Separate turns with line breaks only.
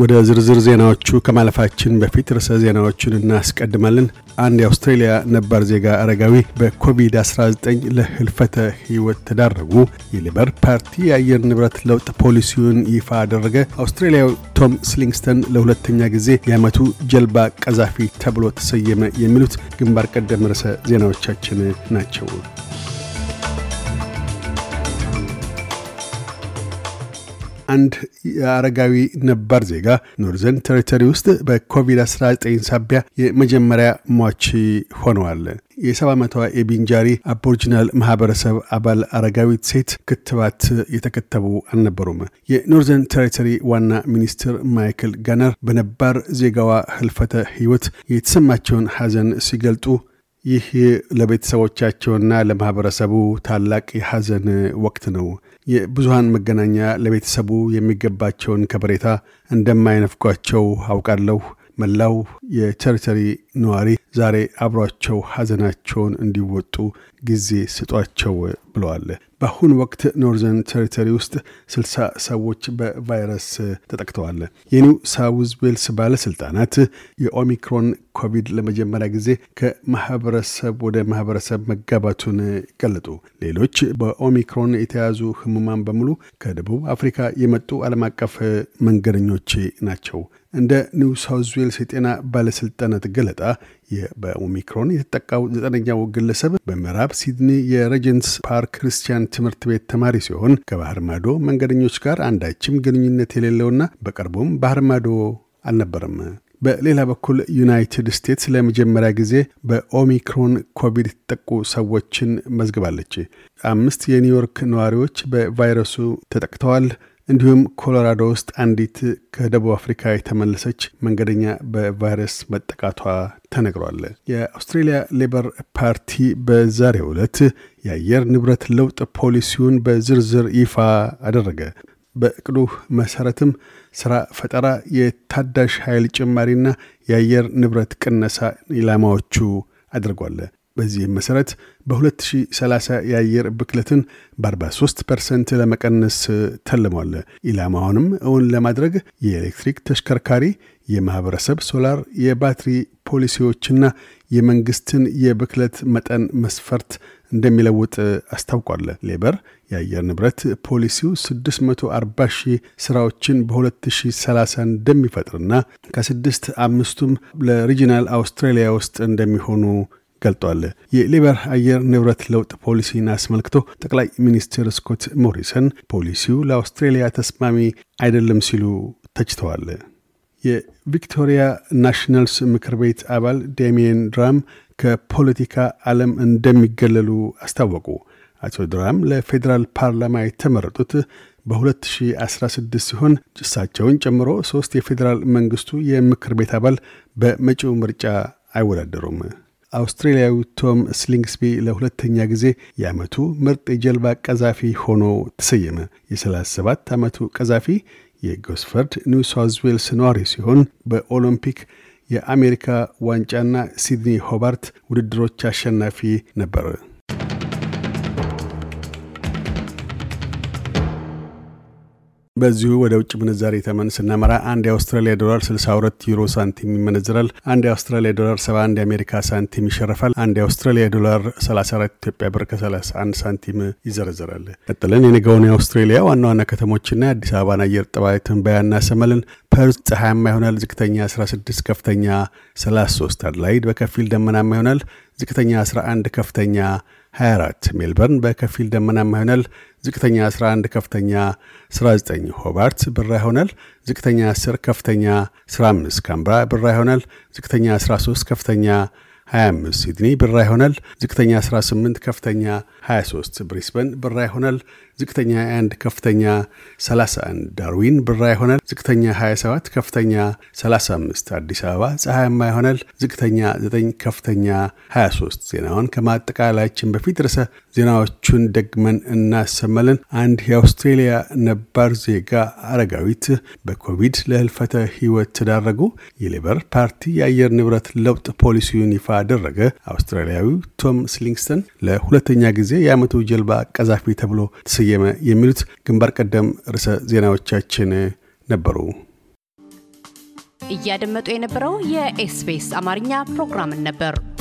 ወደ ዝርዝር ዜናዎቹ ከማለፋችን በፊት ርዕሰ ዜናዎቹን እናስቀድማለን። አንድ የአውስትሬሊያ ነባር ዜጋ አረጋዊ በኮቪድ-19 ለህልፈተ ህይወት ተዳረጉ። የሊበር ፓርቲ የአየር ንብረት ለውጥ ፖሊሲውን ይፋ አደረገ። አውስትሬልያዊ ቶም ስሊንግስተን ለሁለተኛ ጊዜ የዓመቱ ጀልባ ቀዛፊ ተብሎ ተሰየመ። የሚሉት ግንባር ቀደም ርዕሰ ዜናዎቻችን ናቸው። አንድ የአረጋዊ ነባር ዜጋ ኖርዘርን ቴሪቶሪ ውስጥ በኮቪድ-19 ሳቢያ የመጀመሪያ ሟች ሆነዋል። የሰባ ዓመቷ የቢንጃሪ አቦሪጂናል ማህበረሰብ አባል አረጋዊት ሴት ክትባት የተከተቡ አልነበሩም። የኖርዘርን ቴሪቶሪ ዋና ሚኒስትር ማይክል ጋነር በነባር ዜጋዋ ህልፈተ ህይወት የተሰማቸውን ሐዘን ሲገልጡ ይህ ለቤተሰቦቻቸውና ለማኅበረሰቡ ታላቅ የሐዘን ወቅት ነው። የብዙሃን መገናኛ ለቤተሰቡ የሚገባቸውን ከበሬታ እንደማይነፍጓቸው አውቃለሁ። መላው የቸርቸሪ ነዋሪ ዛሬ አብሯቸው ሐዘናቸውን እንዲወጡ ጊዜ ስጧቸው ብለዋል። በአሁኑ ወቅት ኖርዘርን ቴሪተሪ ውስጥ ስልሳ ሰዎች በቫይረስ ተጠቅተዋል። የኒው ሳውዝ ዌልስ ባለስልጣናት የኦሚክሮን ኮቪድ ለመጀመሪያ ጊዜ ከማህበረሰብ ወደ ማህበረሰብ መጋባቱን ገለጡ። ሌሎች በኦሚክሮን የተያዙ ህሙማን በሙሉ ከደቡብ አፍሪካ የመጡ ዓለም አቀፍ መንገደኞች ናቸው። እንደ ኒው ሳውዝ ዌልስ የጤና ባለሥልጣናት ገለጣ በኦሚክሮን የተጠቃው ዘጠነኛው ግለሰብ በምዕራብ ሲድኒ የሬጀንስ ፓርክ ክርስቲያን ትምህርት ቤት ተማሪ ሲሆን ከባህር ማዶ መንገደኞች ጋር አንዳችም ግንኙነት የሌለውና በቅርቡም ባህር ማዶ አልነበርም። በሌላ በኩል ዩናይትድ ስቴትስ ለመጀመሪያ ጊዜ በኦሚክሮን ኮቪድ የተጠቁ ሰዎችን መዝግባለች። አምስት የኒውዮርክ ነዋሪዎች በቫይረሱ ተጠቅተዋል። እንዲሁም ኮሎራዶ ውስጥ አንዲት ከደቡብ አፍሪካ የተመለሰች መንገደኛ በቫይረስ መጠቃቷ ተነግሯል። የአውስትሬሊያ ሌበር ፓርቲ በዛሬ ዕለት የአየር ንብረት ለውጥ ፖሊሲውን በዝርዝር ይፋ አደረገ። በእቅዱ መሰረትም ስራ ፈጠራ፣ የታዳሽ ኃይል ጭማሪና የአየር ንብረት ቅነሳ ኢላማዎቹ አድርጓል። በዚህም መሠረት በ2030 የአየር ብክለትን በ43 ፐርሰንት ለመቀነስ ተልሟል። ኢላማውንም እውን ለማድረግ የኤሌክትሪክ ተሽከርካሪ፣ የማኅበረሰብ ሶላር፣ የባትሪ ፖሊሲዎችና የመንግሥትን የብክለት መጠን መስፈርት እንደሚለውጥ አስታውቋል። ሌበር የአየር ንብረት ፖሊሲው 640 ሺህ ስራዎችን በ2030 እንደሚፈጥርና ከስድስት አምስቱም ለሪጂናል አውስትራሊያ ውስጥ እንደሚሆኑ ገልጧል። የሌበር አየር ንብረት ለውጥ ፖሊሲን አስመልክቶ ጠቅላይ ሚኒስትር ስኮት ሞሪሰን ፖሊሲው ለአውስትሬሊያ ተስማሚ አይደለም ሲሉ ተችተዋል። የቪክቶሪያ ናሽናልስ ምክር ቤት አባል ዴሚየን ድራም ከፖለቲካ ዓለም እንደሚገለሉ አስታወቁ። አቶ ድራም ለፌዴራል ፓርላማ የተመረጡት በ2016 ሲሆን እሳቸውን ጨምሮ ሶስት የፌዴራል መንግስቱ የምክር ቤት አባል በመጪው ምርጫ አይወዳደሩም። አውስትሬልያዊ ቶም ስሊንግስቢ ለሁለተኛ ጊዜ የአመቱ ምርጥ የጀልባ ቀዛፊ ሆኖ ተሰየመ። የ37 ዓመቱ ቀዛፊ የጎስፈርድ ኒው ዌልስ ነዋሪ ሲሆን በኦሎምፒክ የአሜሪካ ዋንጫና ሲድኒ ሆባርት ውድድሮች አሸናፊ ነበር። በዚሁ ወደ ውጭ ምንዛሬ ተመን ስናመራ አንድ የአውስትራሊያ ዶላር 62 ዩሮ ሳንቲም ይመነዝራል። አንድ የአውስትራሊያ ዶላር 71 የአሜሪካ ሳንቲም ይሸርፋል። አንድ የአውስትራሊያ ዶላር 34 ኢትዮጵያ ብር ከ31 ሳንቲም ይዘረዘራል። ቀጥለን የነገውን የአውስትሬሊያ ዋና ዋና ከተሞችና የአዲስ አበባን አየር ጠባይ ትንበያና ሰመልን ፐርዝ ፀሐያማ ይሆናል። ዝቅተኛ 16፣ ከፍተኛ 33። አድላይድ በከፊል ደመናማ ይሆናል። ዝቅተኛ 11፣ ከፍተኛ 24 ሜልበርን በከፊል ደመናማ ይሆናል። ዝቅተኛ 11፣ ከፍተኛ 19። ሆባርት ብራ ይሆናል። ዝቅተኛ 10፣ ከፍተኛ 15። ካምብራ ብራ ይሆናል። ዝቅተኛ 13፣ ከፍተኛ 25 ሲድኒ ብራ ይሆናል። ዝቅተኛ 18፣ ከፍተኛ 23። ብሪስበን ብራ ይሆናል። ዝቅተኛ 21፣ ከፍተኛ 31። ዳርዊን ብራ ይሆናል። ዝቅተኛ 27፣ ከፍተኛ 35። አዲስ አበባ ፀሐያማ ይሆናል። ዝቅተኛ 9፣ ከፍተኛ 23። ዜናውን ከማጠቃላያችን በፊት ርዕሰ ዜናዎቹን ደግመን እናሰማለን። አንድ የአውስትሬሊያ ነባር ዜጋ አረጋዊት በኮቪድ ለህልፈተ ህይወት ተዳረጉ። የሌበር ፓርቲ የአየር ንብረት ለውጥ ፖሊሲውን ይፋ አደረገ። አውስትራሊያዊው ቶም ስሊንግስተን ለሁለተኛ ጊዜ የዓመቱ ጀልባ ቀዛፊ ተብሎ ተሰየመ። የሚሉት ግንባር ቀደም ርዕሰ ዜናዎቻችን ነበሩ። እያደመጡ የነበረው የኤስቢኤስ አማርኛ ፕሮግራምን ነበር።